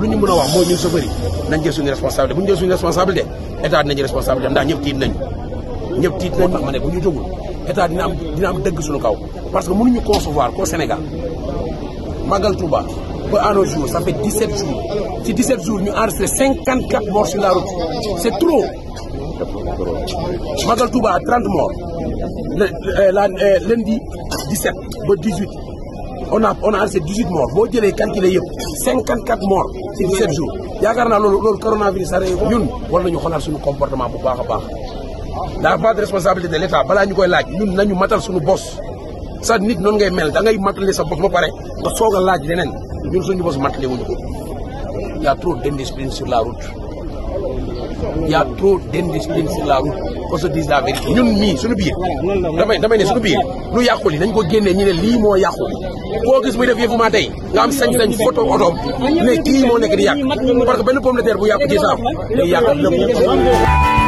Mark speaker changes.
Speaker 1: lu ñu mën a wax mooy ñun chauffeur yi nañ jël suñu responsabilité bu responsável. jël suñu responsabilité état dina jël responsabilité ndax ñëpp tiit nañ ñëpp tiit nañ tax ma ne bu ñu jógul état dina am dina am dëgg suñu kaw parce que mënuñu concevoir qu'au Sénégal Magal Touba ba à nos jours ça fait 17 jours ci 17 jours ñu enregistré 54 morts sur la route c'est trop Magal Touba 30 morts euh, euh, lundi 17 ba 18 on a on a arrêté 18 morts boo jëlee calculé yëpp 54 morts ci 17 jours yaakaar naa loolu loolu coronavirus a rey ko ñun war nañu xoolaat suñu comportement bu baax a baax la part de responsabilité de l' balaa ñu koy laaj ñun nañu matal suñu bos sa nit noonu ngay mel da ngay matale sa bos ba pare nga soog a laaj leneen ñun suñu bos matale wuñu ko y' a trop d'indiscipline sur la route. il y a trop d'indiscipline sur la route qu'on se dise la vérité ñun mii suñu biir damay damay ne suñu biir lu yàqu li nañ ko génnee ñu ne lii moo yàqu koo gis mu def yëfu maa tey nga am sañ-sañ photo otoom ne kii moo nekk di yàq parce que benn pomme de terre bu yàqu ci saaf day yàqal lépp